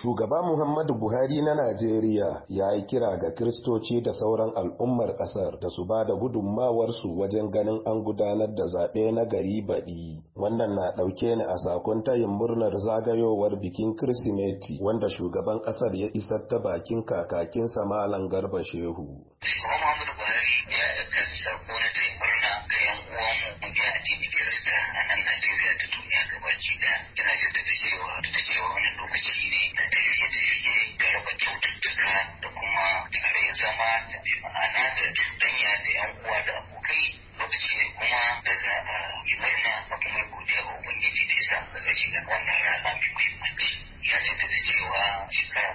Shugaba Muhammadu Buhari na Najeriya ya yi kira ga Kiristoci da sauran al'ummar ƙasar da su ba da gudunmawarsu wajen ganin an gudanar da zaɓe na gari baɗi. Wannan na ɗauke ni a sakon tayin murnar zagayowar bikin Kirsimeti wanda shugaban ƙasar ya isar ta bakin kakakinsa Malam Garba Shehu. Kirista a nan Najeriya da cewa wani lokaci ne da tafiye-tafiye da raba kyaututtuka da kuma tsare zama da mai ma'ana da danya da yan uwa da abokai lokaci ne kuma da za a yi murna da kuma godiya ga ubangiji da ya sa ka sake da wannan rana mai muhimmanci ya jaddada cewa shekara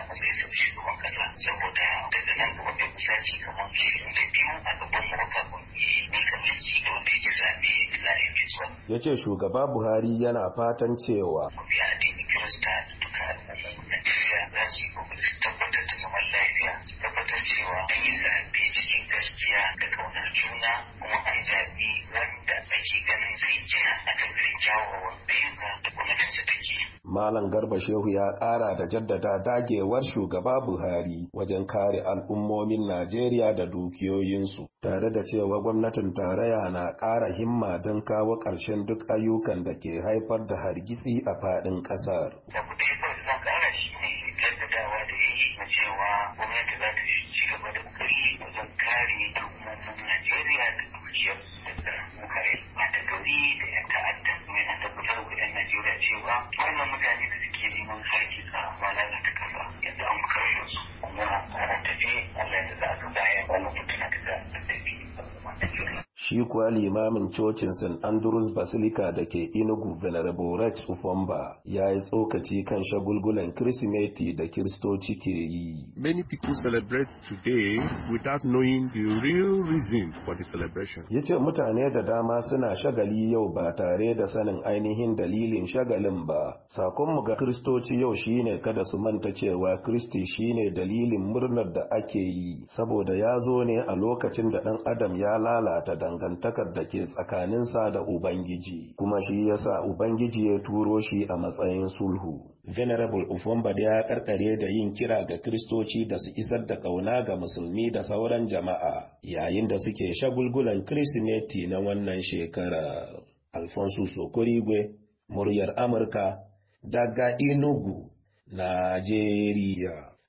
a matsayin sa shugaban kasa saboda daga nan gaba da kusanci kamar ishirin da biyu a gaban mu kafin ni kamar ci da wanda yake zaɓe zaɓe mai zuwa. ya ce shugaba buhari yana fatan cewa. mu biya addinin kirista da duka al'ummar najeriya za su yi kokari su tabbatar da zaman lafiya su tabbatar cewa an yi zaɓe cikin gaskiya da ƙaunar juna kuma an zaɓi wanda ake Malam Garba Shehu ya ƙara da jaddada dagewar shugaba Buhari wajen kare al'ummomin Najeriya da dukiyoyinsu, tare da cewa gwamnatin tarayya na ƙara himma don kawo ƙarshen duk ayyukan da ke haifar da hargitsi a faɗin ƙasar. shi kuwa limamin cocin St. Andrews Basilica da ke Inugu Venerable Rex Ufomba ya yi tsokaci kan shagulgulan Kirsimeti da Kiristoci ke yi. Many people celebrate today without knowing the real reason for the celebration. Ya ce mutane da dama suna shagali yau ba tare da sanin ainihin dalilin shagalin ba. Sakonmu ga Kiristoci yau shine kada su manta cewa Kiristi shine dalilin murnar da ake yi saboda ya zo ne a lokacin da ɗan Adam ya lalata dangane. dangantakar da ke tsakaninsa da Ubangiji, kuma shi ya sa Ubangiji ya turo shi a matsayin sulhu. Venerable Ufomba ya karkare da yin kira ga kristoci da su isar da ƙauna ga musulmi da sauran jama'a yayin da suke shagulgulan Kirsimeti na wannan shekara. Alfonso Sokorigwe, muryar Amurka, daga inugu Najeriya.